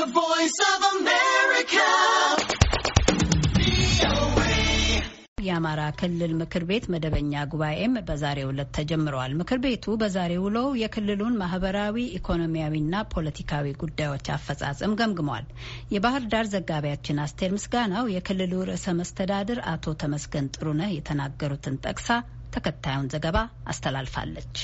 The Voice of America. የአማራ ክልል ምክር ቤት መደበኛ ጉባኤም በዛሬው ዕለት ተጀምረዋል። ምክር ቤቱ በዛሬው ውሎው የክልሉን ማህበራዊ፣ ኢኮኖሚያዊና ፖለቲካዊ ጉዳዮች አፈጻጸም ገምግሟል። የባህር ዳር ዘጋቢያችን አስቴር ምስጋናው የክልሉ ርዕሰ መስተዳድር አቶ ተመስገን ጥሩነህ የተናገሩትን ጠቅሳ ተከታዩን ዘገባ አስተላልፋለች።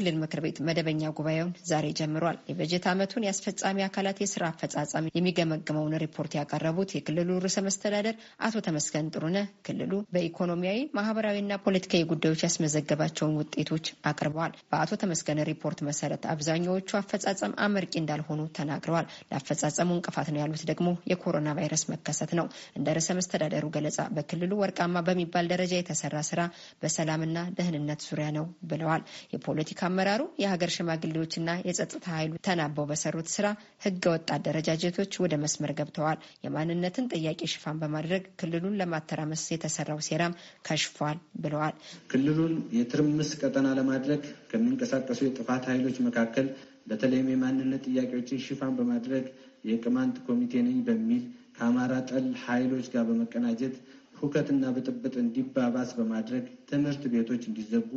ክልል ምክር ቤት መደበኛ ጉባኤውን ዛሬ ጀምሯል። የበጀት ዓመቱን የአስፈጻሚ አካላት የስራ አፈጻጸም የሚገመግመውን ሪፖርት ያቀረቡት የክልሉ ርዕሰ መስተዳደር አቶ ተመስገን ጥሩነህ ክልሉ በኢኮኖሚያዊ ማህበራዊና ፖለቲካዊ ጉዳዮች ያስመዘገባቸውን ውጤቶች አቅርበዋል። በአቶ ተመስገን ሪፖርት መሰረት አብዛኛዎቹ አፈጻጸም አመርቂ እንዳልሆኑ ተናግረዋል። ለአፈጻጸሙ እንቅፋት ነው ያሉት ደግሞ የኮሮና ቫይረስ መከሰት ነው። እንደ ርዕሰ መስተዳደሩ ገለጻ በክልሉ ወርቃማ በሚባል ደረጃ የተሰራ ስራ በሰላምና ደህንነት ዙሪያ ነው ብለዋል። የፖለቲካ አመራሩ የሀገር ሽማግሌዎችና የጸጥታ ኃይሉ ተናበው በሰሩት ስራ ህገ ህገወጥ አደረጃጀቶች ወደ መስመር ገብተዋል። የማንነትን ጥያቄ ሽፋን በማድረግ ክልሉን ለማተራመስ የተሰራው ሴራም ከሽፏል ብለዋል። ክልሉን የትርምስ ቀጠና ለማድረግ ከሚንቀሳቀሱ የጥፋት ኃይሎች መካከል በተለይም የማንነት ጥያቄዎችን ሽፋን በማድረግ የቅማንት ኮሚቴ ነኝ በሚል ከአማራ ጠል ኃይሎች ጋር በመቀናጀት ሁከትና ብጥብጥ እንዲባባስ በማድረግ ትምህርት ቤቶች እንዲዘጉ፣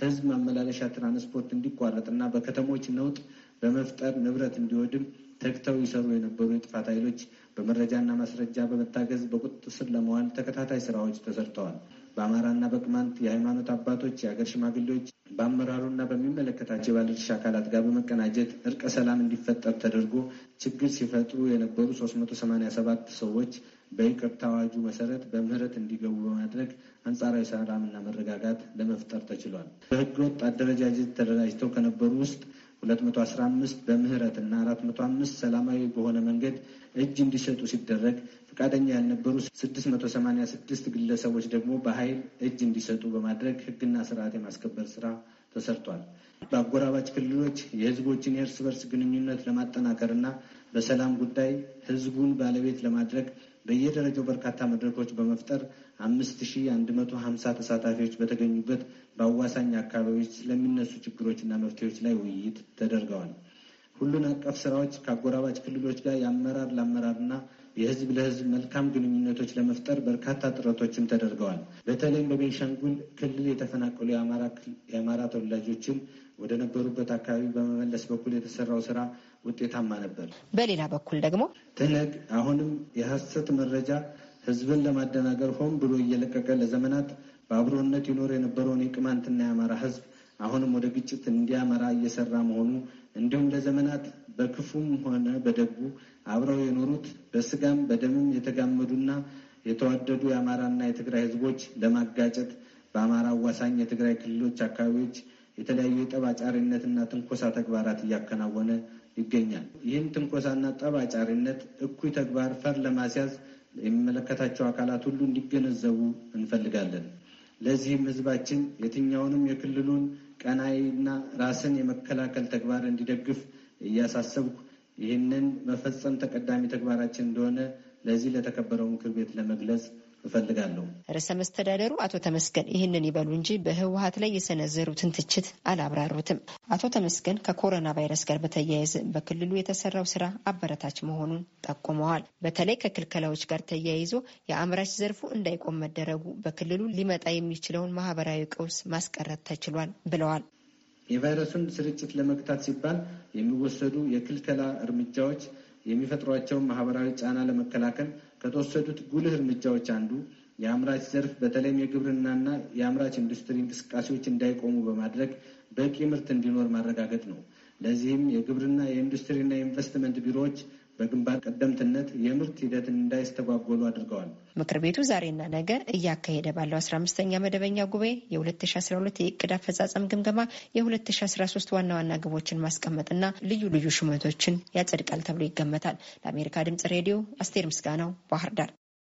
ህዝብ ማመላለሻ ትራንስፖርት እንዲቋረጥና በከተሞች ነውጥ በመፍጠር ንብረት እንዲወድም ተግተው ይሰሩ የነበሩ የጥፋት ኃይሎች በመረጃና ማስረጃ በመታገዝ በቁጥጥር ስር ለመዋል ተከታታይ ስራዎች ተሰርተዋል። በአማራና በቅማንት የሃይማኖት አባቶች፣ የአገር ሽማግሌዎች በአመራሩና በሚመለከታቸው የባለድርሻ አካላት ጋር በመቀናጀት እርቀ ሰላም እንዲፈጠር ተደርጎ ችግር ሲፈጥሩ የነበሩ 387 ሰዎች በይቅርታ አዋጁ መሰረት በምህረት እንዲገቡ በማድረግ አንጻራዊ ሰላምና መረጋጋት ለመፍጠር ተችሏል። ወጥ አደረጃጀት ተደራጅተው ከነበሩ ውስጥ 215 በምህረት እና 405 ሰላማዊ በሆነ መንገድ እጅ እንዲሰጡ ሲደረግ ፈቃደኛ ያልነበሩ 686 ግለሰቦች ደግሞ በኃይል እጅ እንዲሰጡ በማድረግ ህግና ስርዓት የማስከበር ስራ ተሰርቷል። በአጎራባች ክልሎች የህዝቦችን የእርስ በርስ ግንኙነት ለማጠናከር እና በሰላም ጉዳይ ህዝቡን ባለቤት ለማድረግ በየደረጃው በርካታ መድረኮች በመፍጠር 5150 ተሳታፊዎች በተገኙበት በአዋሳኝ አካባቢዎች ስለሚነሱ ችግሮችና መፍትሄዎች ላይ ውይይት ተደርገዋል። ሁሉን አቀፍ ስራዎች ከአጎራባጭ ክልሎች ጋር የአመራር ለአመራርና የህዝብ ለህዝብ መልካም ግንኙነቶች ለመፍጠር በርካታ ጥረቶችም ተደርገዋል። በተለይም በቤንሻንጉል ክልል የተፈናቀሉ የአማራ ተወላጆችን ወደ ነበሩበት አካባቢ በመመለስ በኩል የተሰራው ስራ ውጤታማ ነበር። በሌላ በኩል ደግሞ ትህነግ አሁንም የሐሰት መረጃ ህዝብን ለማደናገር ሆን ብሎ እየለቀቀ ለዘመናት በአብሮነት ይኖር የነበረውን የቅማንትና የአማራ ህዝብ አሁንም ወደ ግጭት እንዲያመራ እየሰራ መሆኑ እንዲሁም ለዘመናት በክፉም ሆነ በደጉ አብረው የኖሩት በስጋም በደምም የተጋመዱና የተዋደዱ የአማራና የትግራይ ህዝቦች ለማጋጨት በአማራ አዋሳኝ የትግራይ ክልሎች አካባቢዎች የተለያዩ የጠብ እና ትንኮሳ ተግባራት እያከናወነ ይገኛል። ይህን ትንኮሳና ጠብ አጫሪነት እኩይ ተግባር ፈር ለማስያዝ የሚመለከታቸው አካላት ሁሉ እንዲገነዘቡ እንፈልጋለን። ለዚህም ህዝባችን የትኛውንም የክልሉን ቀናይና ራስን የመከላከል ተግባር እንዲደግፍ እያሳሰብኩ ይህንን መፈጸም ተቀዳሚ ተግባራችን እንደሆነ ለዚህ ለተከበረው ምክር ቤት ለመግለጽ እፈልጋለሁ። ርዕሰ መስተዳደሩ አቶ ተመስገን ይህንን ይበሉ እንጂ በህወሀት ላይ የሰነዘሩትን ትችት አላብራሩትም። አቶ ተመስገን ከኮሮና ቫይረስ ጋር በተያያዘ በክልሉ የተሰራው ስራ አበረታች መሆኑን ጠቁመዋል። በተለይ ከክልከላዎች ጋር ተያይዞ የአምራች ዘርፉ እንዳይቆም መደረጉ በክልሉ ሊመጣ የሚችለውን ማህበራዊ ቀውስ ማስቀረት ተችሏል ብለዋል። የቫይረሱን ስርጭት ለመግታት ሲባል የሚወሰዱ የክልከላ እርምጃዎች የሚፈጥሯቸውን ማህበራዊ ጫና ለመከላከል ከተወሰዱት ጉልህ እርምጃዎች አንዱ የአምራች ዘርፍ በተለይም የግብርናና የአምራች ኢንዱስትሪ እንቅስቃሴዎች እንዳይቆሙ በማድረግ በቂ ምርት እንዲኖር ማረጋገጥ ነው። ለዚህም የግብርና የኢንዱስትሪና የኢንቨስትመንት ቢሮዎች በግንባር ቀደምትነት የምርት ሂደትን እንዳይስተጓጎሉ አድርገዋል። ምክር ቤቱ ዛሬና ነገ እያካሄደ ባለው አስራ ኛ መደበኛ ጉባኤ የ2012 የእቅድ አፈጻጸም ግምገማ የ2013 ዋና ዋና ግቦችን ማስቀመጥና ልዩ ልዩ ሹመቶችን ያጸድቃል ተብሎ ይገመታል። ለአሜሪካ ድምጽ ሬዲዮ አስቴር ምስጋናው ባህር ዳር